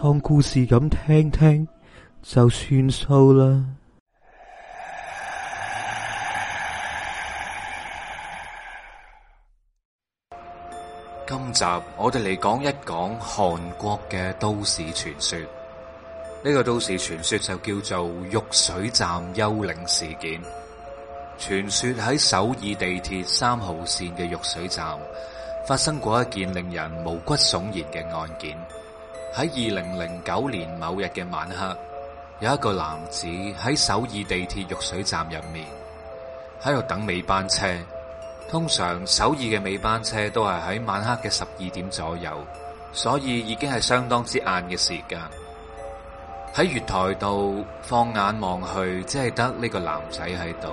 當故事咁聽聽就算數啦。今集我哋嚟講一講韓國嘅都市傳說。呢個都市傳說就叫做玉水站幽靈事件。傳說喺首爾地鐵三號線嘅玉水站發生過一件令人毛骨悚然嘅案件。喺二零零九年某日嘅晚黑，有一個男子喺首爾地鐵玉水站入面，喺度等尾班車。通常首爾嘅尾班車都係喺晚黑嘅十二點左右，所以已經係相當之晏嘅時間。喺月台度放眼望去，只係得呢個男仔喺度。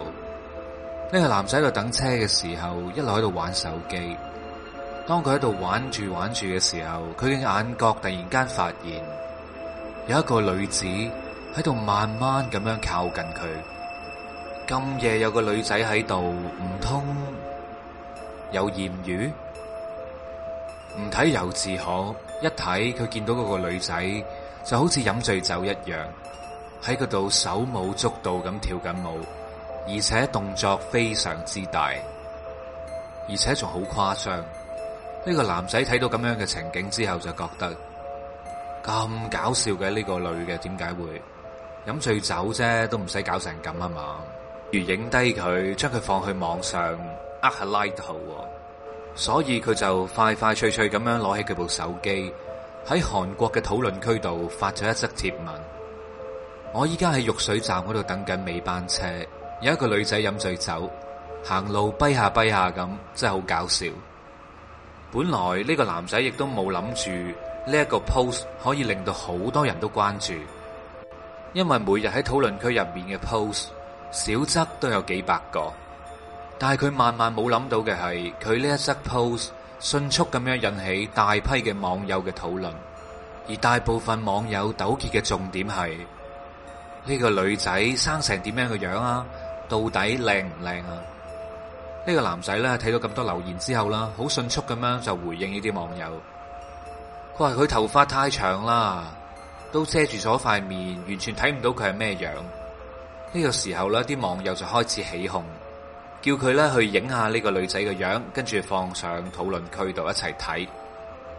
呢個男仔喺度等車嘅時候，一路喺度玩手機。當佢喺度玩住玩住嘅時候，佢嘅眼角突然間發現有一個女子喺度慢慢咁樣靠近佢。咁夜有個女仔喺度，唔通有艷遇？唔睇猶自可，一睇佢見到嗰個女仔就好似飲醉酒一樣，喺嗰度手舞足蹈咁跳緊舞，而且動作非常之大，而且仲好誇張。呢個男仔睇到咁樣嘅情景之後，就覺得咁搞笑嘅呢、呢個女嘅點解會飲醉酒啫？都唔使搞成咁啊嘛！如影低佢，將佢放去網上呃下 like 圖、哦、所以佢就快快脆脆咁樣攞起佢部手機，喺韓國嘅討論區度發咗一則貼文：我依家喺玉水站嗰度等緊尾班車，有一個女仔飲醉酒，行路跛下跛下咁，真係好搞笑。本來呢個男仔亦都冇諗住呢一個 post 可以令到好多人都關注，因為每日喺討論區入面嘅 post 少則都有幾百個，但係佢萬萬冇諗到嘅係，佢呢一則 post 迅速咁樣引起大批嘅網友嘅討論，而大部分網友糾結嘅重點係呢個女仔生,生成點樣嘅樣啊，到底靚唔靚啊？呢個男仔咧，睇到咁多留言之後啦，好迅速咁樣就回應呢啲網友。佢話佢頭髮太長啦，都遮住咗塊面，完全睇唔到佢係咩樣。呢個時候咧，啲網友就開始起哄，叫佢咧去影下呢個女仔嘅樣，跟住放上討論區度一齊睇。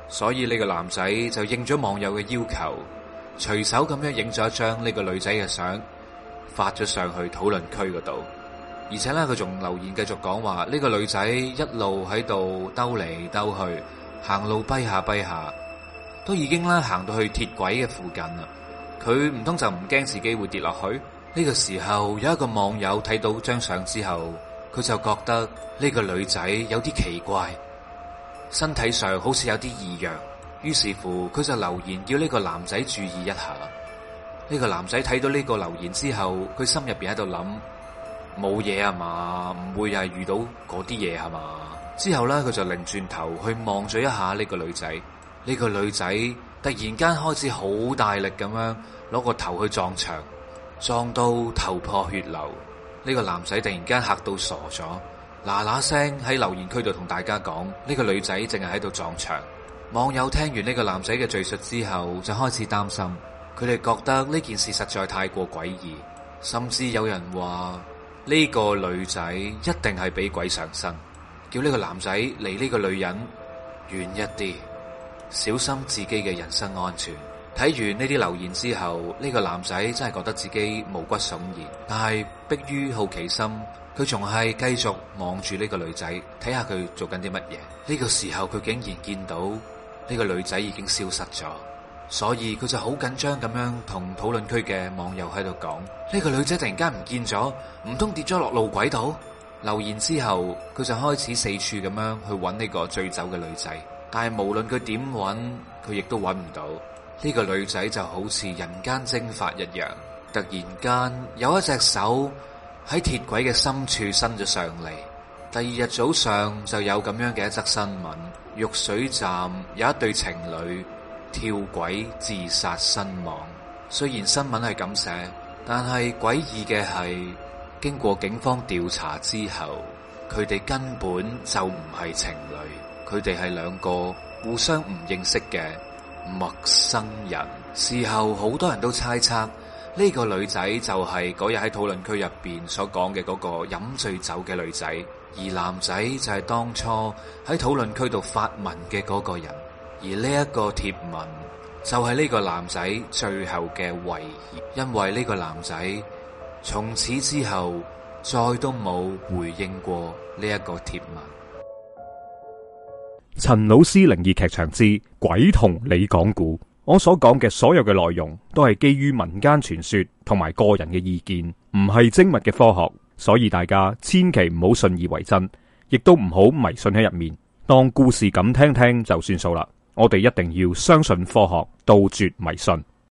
所以呢個男仔就應咗網友嘅要求，隨手咁樣影咗一張呢個女仔嘅相，發咗上去討論區嗰度。而且咧，佢仲留言繼續講話，呢個女仔一路喺度兜嚟兜去，行路跛下跛下，都已經啦行到去鐵軌嘅附近啦。佢唔通就唔驚自己會跌落去？呢個時候有一個網友睇到張相之後，佢就覺得呢個女仔有啲奇怪，身體上好似有啲異樣。於是乎，佢就留言叫呢個男仔注意一下。呢個男仔睇到呢個留言之後，佢心入邊喺度諗。冇嘢啊嘛，唔會又係遇到嗰啲嘢係嘛？之後呢，佢就擰轉頭去望咗一下呢個女仔。呢個女仔突然間開始好大力咁樣攞個頭去撞牆，撞到頭破血流。呢個男仔突然間嚇到傻咗，嗱嗱聲喺留言區度同大家講，呢個女仔淨係喺度撞牆。網友聽完呢個男仔嘅敘述之後，就開始擔心。佢哋覺得呢件事實在太過詭異，甚至有人話。呢個女仔一定係俾鬼上身，叫呢個男仔離呢個女人遠一啲，小心自己嘅人身安全。睇完呢啲留言之後，呢個男仔真係覺得自己毛骨悚然，但係迫於好奇心，佢仲係繼續望住呢個女仔，睇下佢做緊啲乜嘢。呢個時候佢竟然見到呢個女仔已經消失咗。所以佢就好緊張咁樣同討論區嘅網友喺度講：呢個女仔突然間唔見咗，唔通跌咗落路軌道？留言之後，佢就開始四處咁樣去揾呢個醉酒嘅女仔，但係無論佢點揾，佢亦都揾唔到，呢個女仔就好似人間蒸發一樣。突然間有一隻手喺鐵軌嘅深處伸咗上嚟。第二日早上就有咁樣嘅一則新聞：玉水站有一對情侶。跳軌自殺身亡，雖然新聞係咁寫，但係詭異嘅係，經過警方調查之後，佢哋根本就唔係情侶，佢哋係兩個互相唔認識嘅陌生人。事後好多人都猜測，呢個女仔就係嗰日喺討論區入邊所講嘅嗰個飲醉酒嘅女仔，而男仔就係當初喺討論區度發文嘅嗰個人。而呢一個貼文就係呢個男仔最後嘅遺言，因為呢個男仔從此之後再都冇回應過呢一個貼文。陳老師靈異劇場之鬼同你講故。我所講嘅所有嘅內容都係基於民間傳說同埋個人嘅意見，唔係精密嘅科學，所以大家千祈唔好信以為真，亦都唔好迷信喺入面，當故事咁聽聽就算數啦。我哋一定要相信科學，杜絕迷信。